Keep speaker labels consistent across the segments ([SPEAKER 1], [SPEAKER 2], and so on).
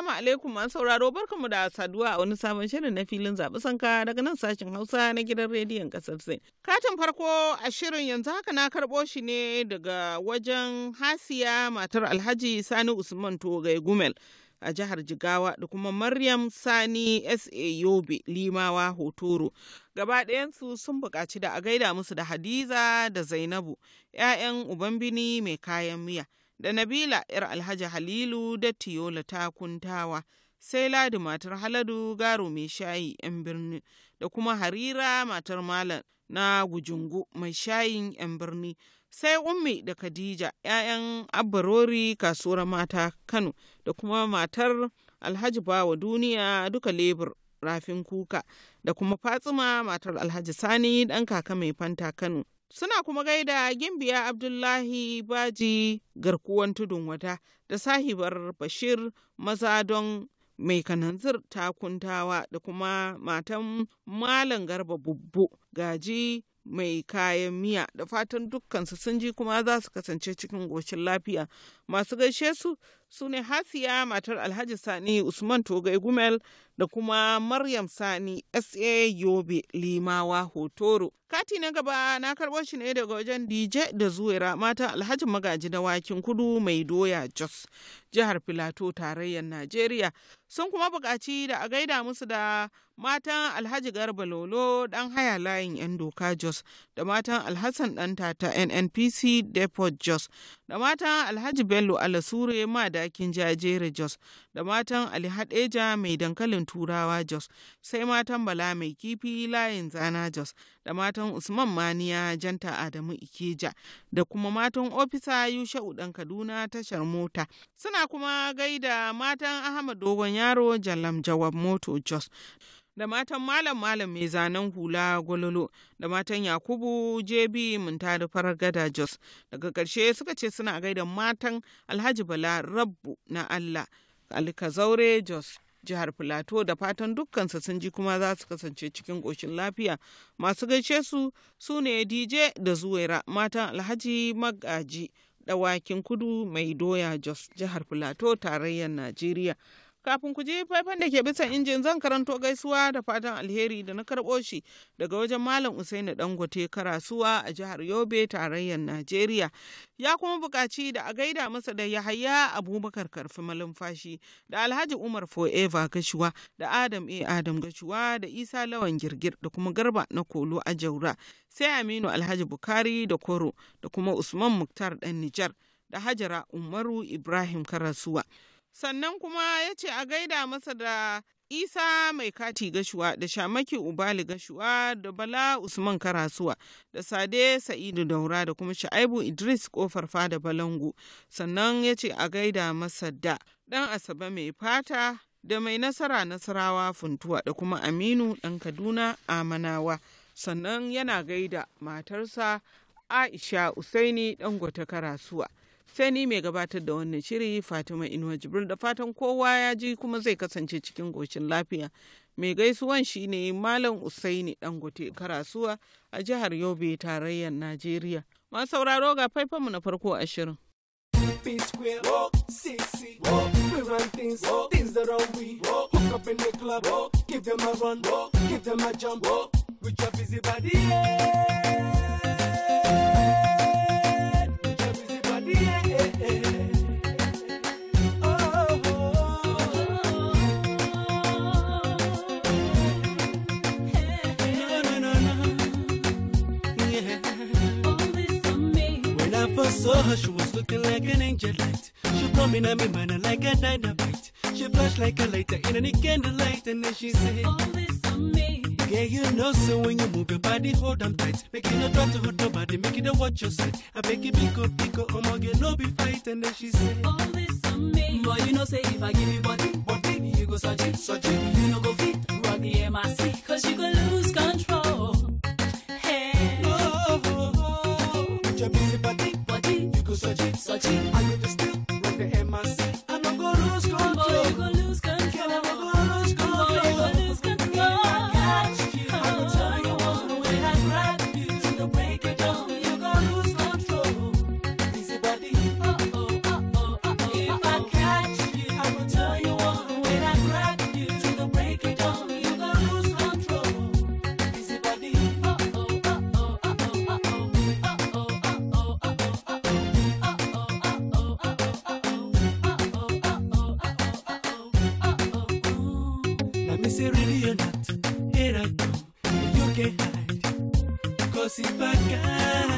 [SPEAKER 1] Assalamu alaikum masu sauraro mu da saduwa a wani sabon shirin na filin zaɓi sanka daga nan sashen Hausa na gidan rediyon ƙasar Sin. Katin farko a shirin yanzu haka na karɓo shi ne daga wajen Hasiya matar Alhaji Sani Usman Togai Gumel a jihar Jigawa da kuma Maryam Sani SA Yobe Limawa Hotoro. Gaba ɗayansu sun buƙaci da a gaida musu da Hadiza da Zainabu 'ya'yan uban bini mai kayan miya. da Nabila 'yar Alhaji Halilu da Tiyola ta kuntawa. sai ladi matar haladu garo mai shayi 'yan birni da kuma harira matar malam na gujungu mai shayin 'yan birni sai ummi da khadija 'ya'yan abarori kasuwar mata kano da kuma matar alhaji bawa duniya duka lebur rafin kuka da kuma fatsima matar alhaji sani ɗan kaka mai fanta kano Suna kuma gaida Gimbiya Abdullahi Baji garkuwan tudun wata da sahibar Bashir maza don mai kananzir takuntawa da kuma matan Malam Garba Bubbu gaji mai kayan miya da fatan dukkansu sun ji kuma za su kasance cikin goshin lafiya masu gaishe su su ne Hasiya matar Alhaji Sani Usman Togai Gumel da kuma Maryam Sani SA Yobe Limawa Hotoro. Kati na gaba na karɓo shi ne daga wajen DJ da Zuwera mata Alhaji Magaji da Wakin Kudu mai doya Jos jihar Filato tarayyar Najeriya. Sun kuma buƙaci da a gaida musu da matan Alhaji Garba Lolo dan haya layin 'yan doka Jos da matan Alhassan ɗanta ta NNPC Depot Jos da matan Alhaji Bello Alasure madakin jajere Jos, da matan Ali Hadeja mai dankalin Turawa Jos, sai matan Bala mai kifi layin zana Jos, da matan Usman Maniya Janta Adamu Ikeja, da kuma matan ofisa yusha ɗan Kaduna tashar mota. Suna kuma gaida matan Ahmad Dogon Yaro Jallam Jawab Moto Jos. da matan malam malam mai zanen hula gwalolo da matan yakubu jebi muntari farar gada jos daga ƙarshe suka ce suna gaida matan alhaji bala rabbu na allah alkazaure jos jihar filato da fatan dukkansa sun ji kuma za su kasance cikin ƙoshin lafiya masu gaishe su su ne dj da zuwaira matan alhaji magaji dawakin kudu mai doya jos jihar filato tarayyar najeriya Kafin ku je faifan da ke bisa injin zan karanto gaisuwa da fatan alheri da na karɓo shi daga wajen Malam Usaini Dangote Karasuwa a jihar Yobe tarayyar Najeriya. Ya kuma buƙaci da a gaida masa da Yahaya Abubakar Karfi Malumfashi da Alhaji Umar Forever Gashuwa da Adam A. Adam Gashuwa da Isa Lawan Girgir da kuma Garba na Kolo a Jaura sai Aminu Alhaji Bukari da Koro da kuma Usman Muktar ɗan Nijar da Hajara Umaru Ibrahim Karasuwa. sannan kuma ya ce a gaida masa da isa mai kati gashuwa da shamaki ubali gashuwa da bala usman karasuwa da sade sa'idu daura da kuma sha'aibu idris kofar fada balangu sannan ya ce a gaida masa da dan asabe mai fata da mai nasara nasarawa funtuwa da kuma aminu dan kaduna amanawa sannan yana gaida matarsa aisha usaini gwata karasuwa Feni mai gabatar da wannan shiri Fatima Inuwa Jibril da fatan kowa ya ji kuma zai kasance cikin goshin lafiya. Mai gaisuwan shine Malam Usaini Dangote Karasuwa a jihar Yobe tarayyar Najeriya. Ma sauraro ga faifanmu na farko ashirin.
[SPEAKER 2] shirin. jump, busy body, yeah. even saw her, she was looking like an angel light. She prominent me manner like a dynamite. She flashed like a lighter in any candlelight, and then she said, All this on me. Yeah, you know, so when you move your body, hold on tight. Make it no try to hold nobody, make it a watch your sight. I make it pick up, pick up, um, again, no be fight, and then she said, All this on me. Boy, you know, say if I give you body, body, you go search it, search it. You know, go hide, cause if I can.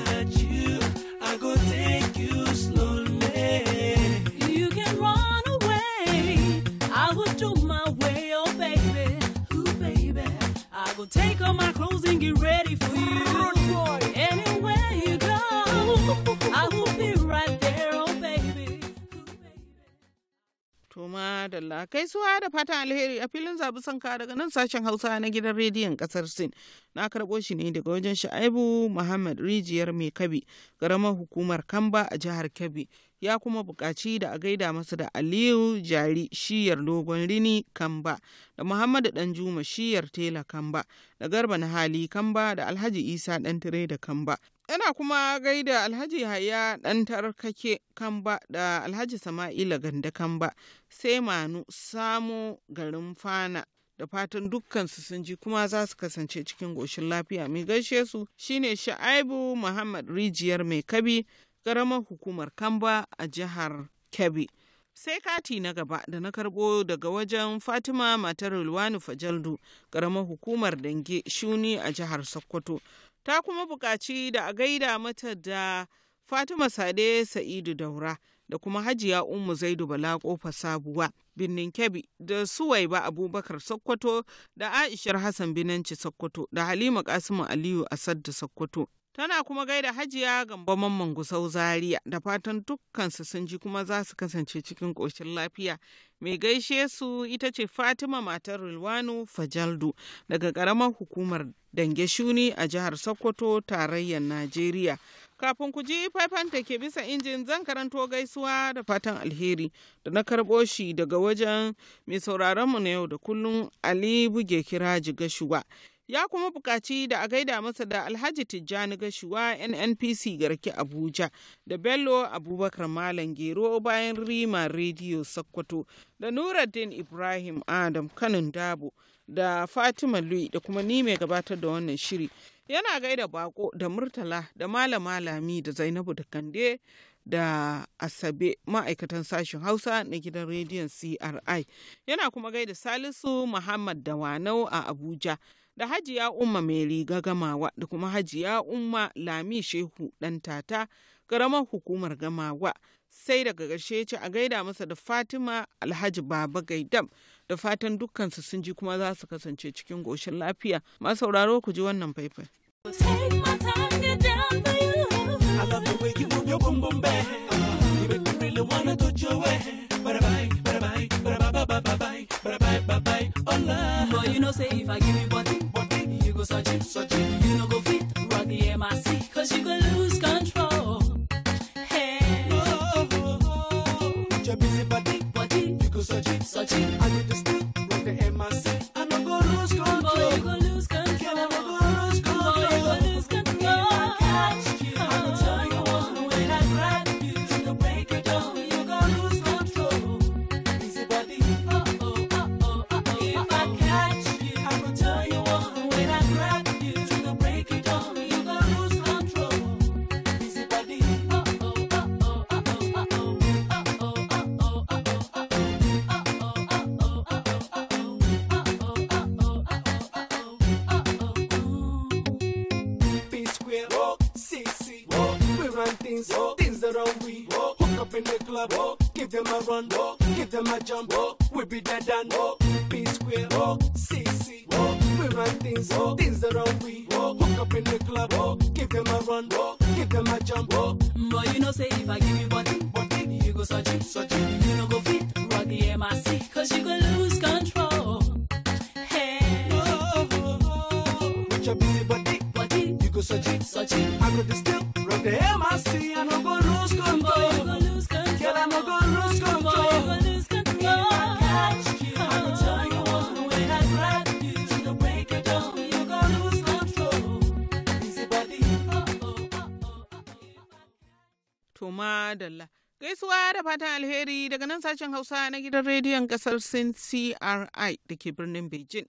[SPEAKER 1] madalla kai suwa da fatan alheri a filin zabi sanka daga nan sashen hausa na gidan rediyon kasar sin na karɓo shi ne daga wajen sha'aibu muhammad rijiyar mai kabi garamar hukumar kamba a jihar Kabi. ya kuma buƙaci da a gaida masa da aliyu jari shiyar dogon rini kamba da muhammadu danjuma shiyar tela kamba da garba na hali kamba da alhaji isa dan tire da kamba Yana kuma gaida Alhaji Haya ɗan tarkake Kamba da Alhaji Sama'ila Ganda Kamba sai Manu samu garin Fana. Da fatan dukkansu sun ji kuma za su kasance cikin goshin lafiya mai gaishe su shine Sha'aibu Muhammad Rijiyar Mai Kabi ƙaramar hukumar Kamba a jihar Kebbi. sai kati na gaba da na karbo daga wajen fatima matar Rulwanu fajaldu karamar hukumar dange shuni a jihar sokoto ta kuma buƙaci da a gaida mata da Fatima Sade Sa'idu Daura da kuma Hajiya Ummu Zaidu Bala Kofa Sabuwa Birnin Kebbi da Suwaiba Abubakar Sokoto da Aishar Hassan Binanci Sokoto da Halima Kasimu Aliyu Asad da Sokoto Tana kuma gaida hajiya gamba mamman gusau zaria da fatan dukkansu sun ji kuma za su kasance cikin ƙoshin lafiya. Mai gaishe su ita ce Fatima matar Rilwanu Fajaldu daga ƙaramar hukumar Dange Shuni a jihar Sokoto tarayyar Najeriya. Kafin ku ji faifan ta ke bisa injin zan karanto gaisuwa da fatan alheri da na karɓo shi daga wajen mai sauraron mu na yau da kullum Ali Buge kira jigashuwa. ya kuma bukaci da a gaida masa da alhaji tijjani gashuwa nnpc garki abuja da bello abubakar malam gero bayan rima rediyo sokoto da nuruddin ibrahim adam kanin dabo da fatima lui da kuma ni mai gabatar da wannan shiri yana gaida bako da murtala da malama lami da zainabu da kande da asabe ma'aikatan sashen hausa na gidan rediyon cri yana kuma gaida salisu muhammad wanau a abuja da hajiya umma mai riga gamawa da kuma hajiya umma lami shehu dan tata karamar hukumar gamawa sai daga ƙarshe ce a gaida masa da fatima alhaji baba gaidam da fatan dukkansu sun ji kuma za su kasance cikin goshin lafiya masu sauraro ku ji wannan faifai.
[SPEAKER 2] away. But bye, but bye, bye, bye, bye, bye, bye, bye, bye, hola. But you know, say if I give you body, body, you go search it, search it. You know, go fit, rock the MIC, you go lose control. Hey, oh, oh, oh, oh. busy body, body, you go search it, search it. them a run, whoa. give them a jump, whoa. we be dead and whoa. P square, whoa. CC, whoa. we run things, whoa. things that are we, whoa. hook up in the club, whoa. give them a run, whoa. give them a jump. Whoa. Boy, you know say if I give you body, body. you go search it, search you know go fit, rock the MIC, cause you go lose control. Hey, whoa. with your busy body, body. you go search it, search it. I go distill.
[SPEAKER 1] da fatan alheri daga nan sashen Hausa na gidan rediyon kasar Sin CRI da ke birnin Beijing.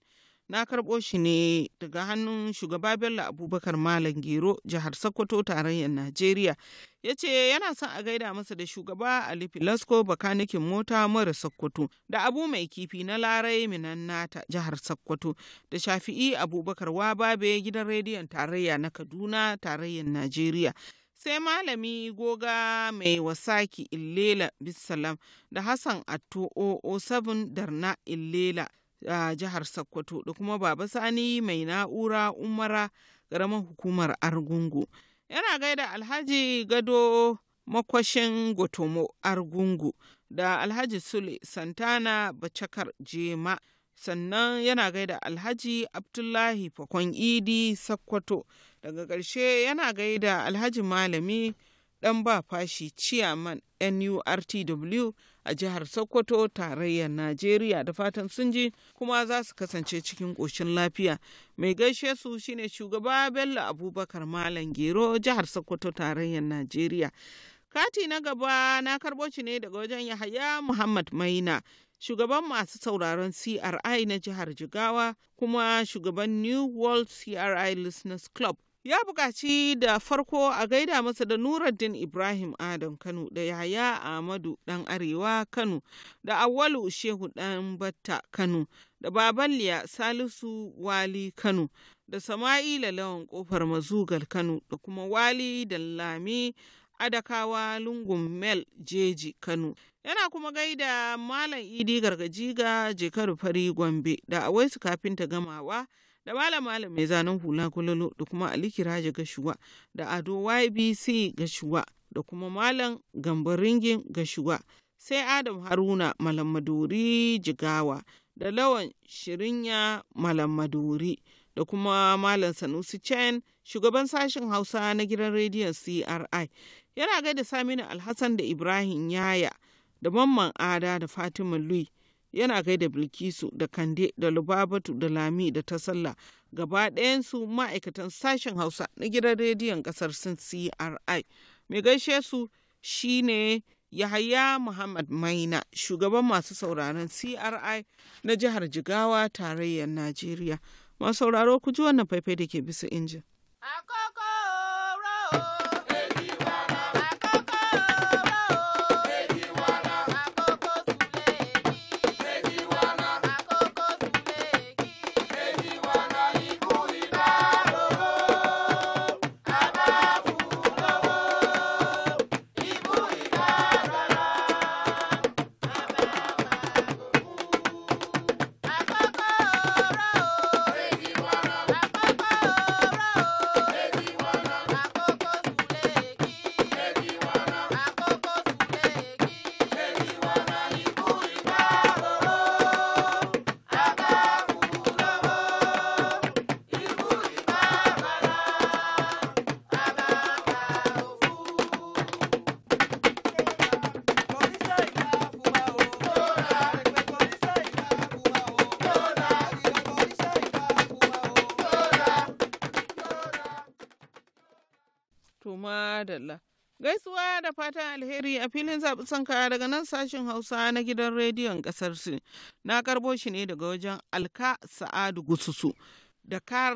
[SPEAKER 1] Na karɓo shi ne daga hannun shugaba Bello Abubakar Malam Gero jihar Sokoto tarayyar Najeriya. Ya ce yana son a gaida masa da shugaba Ali Filasko bakanikin mota mara Sokoto da abu mai kifi na Larai Minan Nata jihar Sokoto da Shafi'i Abubakar Wababe gidan rediyon tarayya na Kaduna tarayyar Najeriya. sai malami goga mai wasaki illela bisalam da hassan atto 007 darna illela a jihar sokoto da kuma baba sani mai na'ura umara karamar hukumar argungu yana gaida alhaji gado makwashin gotomo argungu da alhaji sule santana bacakar jema sannan yana gaida alhaji abdullahi fakon idi sakkwato daga ƙarshe yana gaida alhaji malami dan ba fashi ciyaman nurtw a jihar sokoto tarayyar najeriya da fatan sun ji kuma za su kasance cikin ƙoshin lafiya mai gaishe su shine shugaba bello abubakar malam gero jihar sokoto tarayyar najeriya kati na gaba na karɓo shi ne daga wajen yahaya muhammad maina shugaban masu sauraron CRI na jihar Jigawa kuma shugaban New World CRI Listeners Club ya buƙaci da farko a gaida masa da Nuruddin Ibrahim Adam Kano da Yaya Ahmadu Dan Arewa Kano da awalu Shehu Dan Batta Kano da babaliya Salisu Wali Kano da Sama'ila Lawan Kofar Mazugal Kano da kuma Wali da Lami Adakawa Lungun Mel Jeji Kano. Yana kuma gaida Malam Idi Gargajiga Jekaru Fari Gombe da su kafin ta gamawa. da malam malam mai zanen hula gololo da kuma ali raja gashuwa da ado ybc gashuwa da kuma malam gambaringin gashuwa sai adam haruna malam madori jigawa da lawan shirinya malam madori da kuma malam sanusi chen shugaban sashen hausa na gidan rediyon cri yana gaida saminu alhassan da ibrahim yaya da mamman ada da fatima lui yana gaida bilkisu da kande da lubabatu da lami da ta sallah gaba ɗayansu ma'aikatan sashen hausa na gidan rediyon ƙasar sin cri mai gaishe su shine yahaya muhammad maina shugaban masu sauraron cri na jihar jigawa tarayyar najeriya masu sauraro ku ji wannan faifai da ke bisa injin. madalla. Gaisuwa da fatan alheri a filin zaɓi sanka daga nan sashen Hausa na gidan rediyon ƙasar Sin. Na karbo shi ne daga wajen Alka Sa'adu Gususu da kar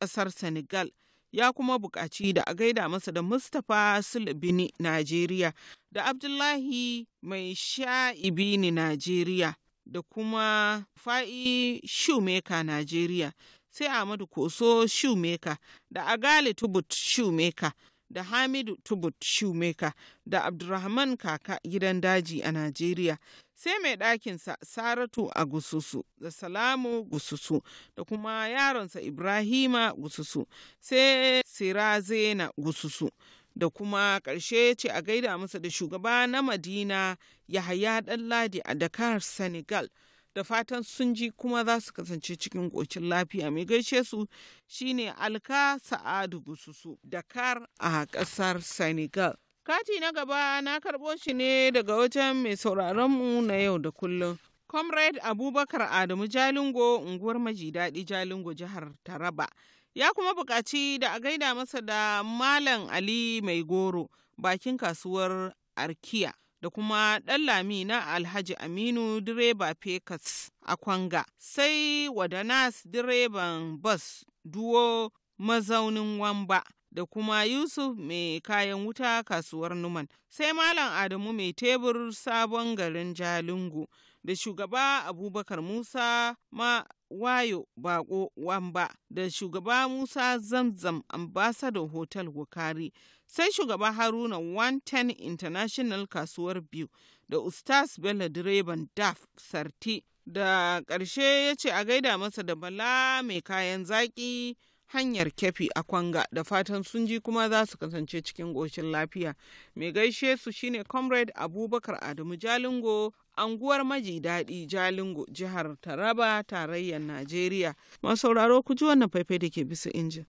[SPEAKER 1] ƙasar Senegal. Ya kuma buƙaci da a gaida masa da Mustapha Sulbini Najeriya da Abdullahi Mai Sha'ibini Najeriya da kuma Fa'i Shumeka Najeriya. sai Ahmadu Koso Shumeka, da Agali Tubut Shumeka. da Hamidu Tubut Shoemaker da Abdulrahman Kaka gidan daji a Najeriya. Sai mai ɗakinsa Saratu a Gususu da Salamu Gususu da kuma yaronsa Ibrahima Gususu sai Sirazena Gususu. Da kuma ƙarshe ce a gaida masa da shugaba na Madina Yahaya Ɗanladi a Dakar, Senegal. da fatan sun ji kuma za su kasance cikin ƙocin lafiya mai gaishe su shine alka sa'adu bususu dakar a ƙasar senegal kati na gaba na karɓo shi ne daga wajen mai sauraronmu na yau da kullum comrade abubakar adamu jalingo unguwar maji daɗi jalingo jihar taraba ya kuma buƙaci da a gaida masa da malam ali mai goro bakin kasuwar arkiya da kuma ɗan lami na Alhaji Aminu direba Fekas a Kwanga, sai Wadanas direban bas duwo mazaunin Wamba. Da kuma Yusuf mai kayan wuta kasuwar Numan, sai Malam Adamu mai tebur sabon garin Jalingo, da shugaba Abubakar Musa ma wayo bako wamba da shugaba musa zamzam ambasado hotel wukari sai shugaban haruna 110 international kasuwar biyu da ustaz bello direban daf sarti da ƙarshe ya ce a gaida masa da bala mai kayan zaƙi hanyar kefi a kwanga da fatan sun ji kuma za su kasance cikin ƙoshin lafiya mai gaishe su shine comrade abubakar adamu jalingo anguwar maji daɗi jalingo jihar taraba tarayyar najeriya masauraro ku ji wannan faifai da ke bisa injin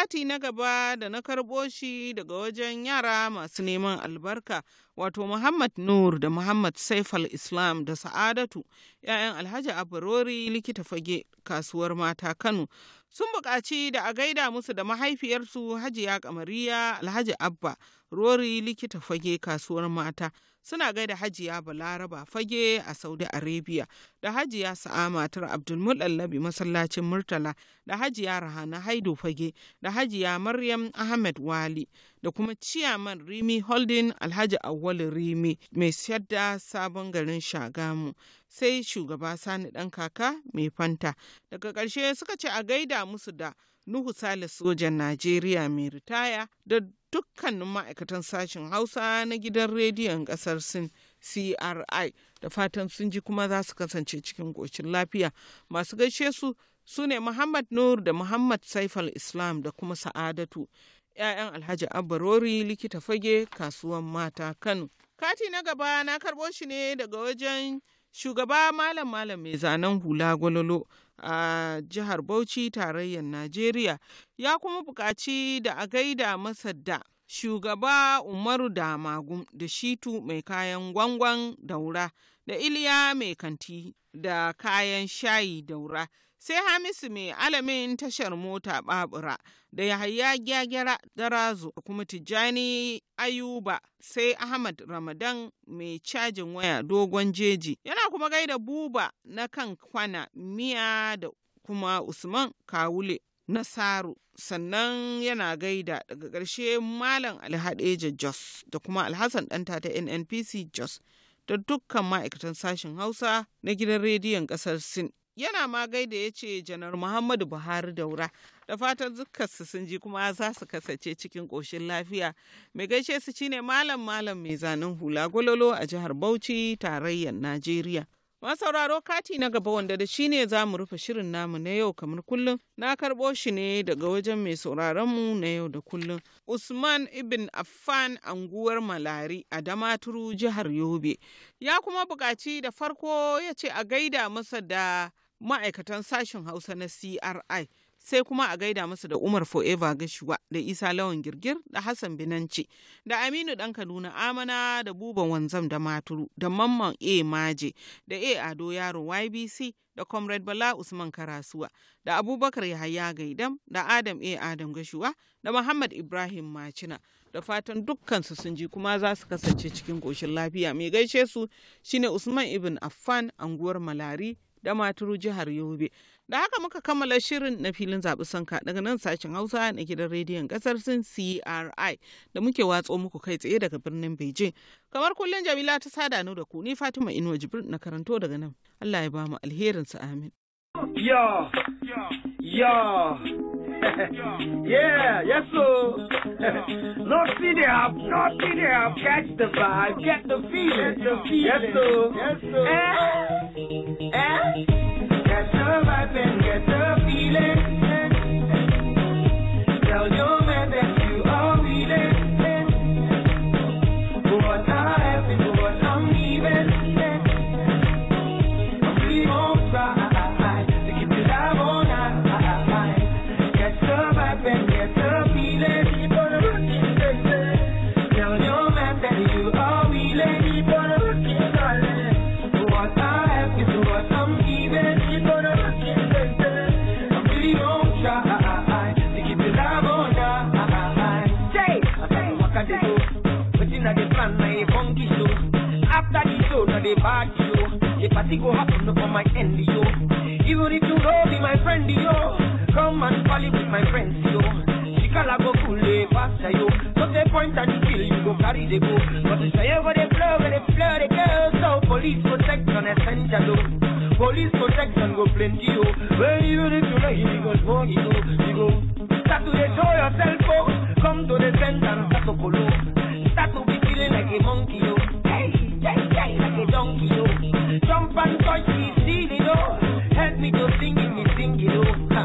[SPEAKER 1] kati na gaba da na karɓo shi daga wajen yara masu neman albarka wato Muhammad Nur da Muhammad Saifal Islam da Sa'adatu ‘ya'yan Alhaji Abarori likita fage kasuwar mata Kano sun buƙaci da a gaida musu da mahaifiyarsu hajiya kamariya alhaji abba rori likita fage kasuwar mata suna gaida hajiya balaraba fage a saudi arabia da hajiya sa'a matar abdulmullallabi masallacin murtala da hajiya rahana Haidu fage da hajiya maryam ahmed wali da kuma ciyaman Rimi Holding Alhaji Awwalu Rimi mai siyar da sabon garin Shagamu sai shugaba Sani dan kaka mai fanta. Daga ƙarshe suka ce a gaida musu da Nuhu Sale sojan Najeriya mai ritaya da dukkanin ma'aikatan sashen Hausa na gidan rediyon ƙasar Sin. CRI da fatan sun ji kuma za su kasance cikin ƙoshin lafiya masu gaishe su su ne Muhammad Nur da Muhammad Saifal Islam da kuma Sa'adatu 'ya'yan alhaji abbarori likita fage kasuwan mata kano kati na gaba na karɓo shi ne daga wajen shugaba malam malam mai zanen hula gwalolo a jihar bauchi tarayyar najeriya ya kuma buƙaci da a gaida masa da shugaba umaru da Magun da shitu mai kayan gwangwan daura da Iliya mai kanti da kayan shayi daura. Sai Hamisu mai alamin tashar mota babura da Yahaya gyagyara darazo da kuma Tijjani Ayuba sai Ahmad Ramadan mai cajin waya dogon jeji. Yana kuma gaida buba na kan kwana miya da kuma Usman Kawule Nasaru sannan yana gaida daga ƙarshe Malam Alhadeja Jos da kuma Alhassan ɗanta ta NNPC Jos da dukkan ma'aikatan sashen Hausa na gidan rediyon ƙasar Sin. Yana ma gaida ya ce Janar Muhammadu Buhari daura da fatan dukkansu sun ji kuma za su kasance cikin ƙoshin lafiya. Mai gaishe su shine Malam Malam mai zanen hula gololo a jihar Bauchi tarayyar Najeriya. Masauraro kati na gaba wanda da shine ne za mu rufe shirin namu na yau kamar kullum na karɓo shi ne daga wajen mai sauraronmu na yau da kullum. Usman Ibn Affan anguwar Malari a Damaturu jihar Yobe. Ya kuma buƙaci da farko ya ce a gaida masa da ma'aikatan sashen Hausa na CRI. sai kuma a gaida musu da Umar Forever Gashuwa da Isa Lawan Girgir da Hassan Binanci da Aminu Ɗan Kaduna Amana da Buban Wanzam da Maturu da Mamman A Maje da A Ado Yaro YBC da Comrade Bala Usman Karasuwa da Abubakar Yahaya Gaidam da Adam A Adam Gashuwa da Muhammad Ibrahim Macina da fatan dukkansu sun ji kuma za su kasance cikin koshin lafiya mai gaishe su shine Usman Ibn Affan anguwar Malari da Maturu jihar Yobe. Da haka muka kammala shirin na filin zaɓi sanka daga nan sashen Hausa na gidan rediyon ƙasar sin CRI da muke watso muku kai tsaye daga birnin Beijing. Kamar kullum Jamila ta sada da ku ni Fatima Inuwa jibir na karanto daga nan. Allah ya ba mu alherinsa amin.
[SPEAKER 2] get the vibe and get the feeling. Tell your Nothing go happen up on my end, yo. Even if you don't be my friend, yo. Come and party with my friends, yo. Shikala go cool, faster, eh, yo. Not the point and kill, you go carry the go. But it's over the flow, where the flow, the girl. So police protection essential, yo. Police protection go plenty, yo. Well, even if you like, you go smoke, yo. You go. Start to enjoy yourself, yo. Oh. Come to the center, start to follow. Start to be feeling like a monkey, yo.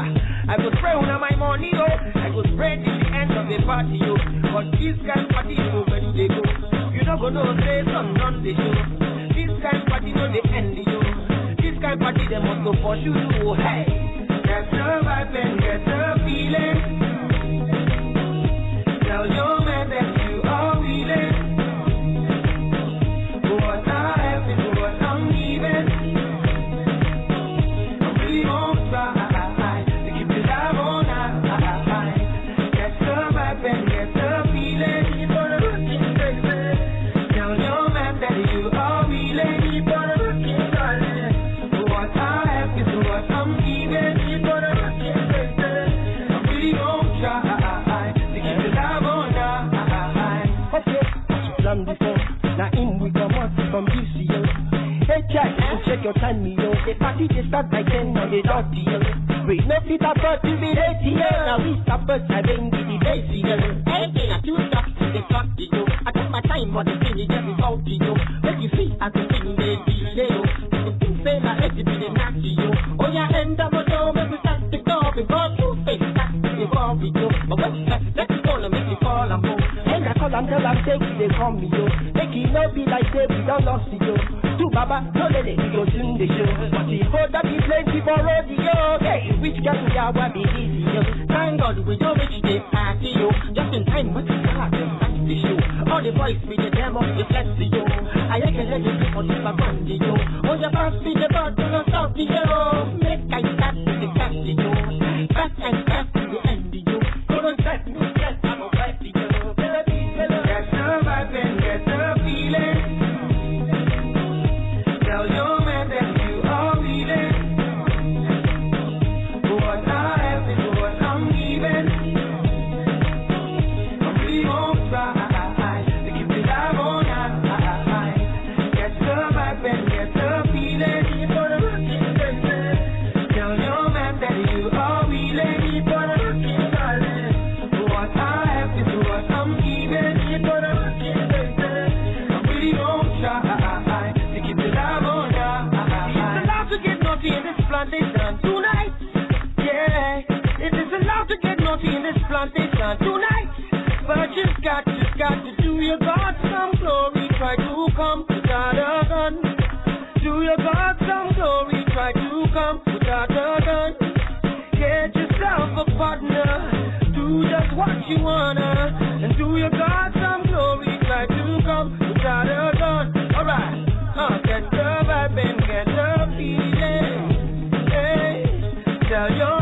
[SPEAKER 2] I go brown on my money, yo. I go red till the end of the party, yo. But this kind of party, yo, when they go, you don't go no say some done the show. This kind of party, no, they end yo. This kind of party, they must go for you, yo. Hey, get the vibe and get the feeling. Tell your man that you your time, me know. The party they start by 10 on the dot deal. We no fit afford to be ready. here. Now we stop but I bring the base here. Anything I do, stop to the clock, you know. I take my time but the thing, is get me out, you know. Make you see, I can see you may be late. The thing say, I let you be the yo. you know. Oh, yeah, end up a door, make me start to go. Before you face, that's to the ball, you know. But when you let you go, let me fall, I'm home. And I call, I'm tell, I'm taking the call, me, yo. Make it not be like they be done lost, you Baba, no let it go soon the show. But the road that is plenty for rodeo. Hey, which can we have be easier? Thank God we don't reach the party, yo. Just in time, what is that? The show. All the boys with the demo, it's let's see, yo. I can let you on the yo. On the be the something's done tonight. But you got, you got to do your God some glory. Try to come to God again. Do your God some glory. Try to come to God again. Get yourself a partner. Do just what you wanna. And do your God some glory. Try to come to God again. Alright. huh? get the vibe and get the feeling. Hey, tell your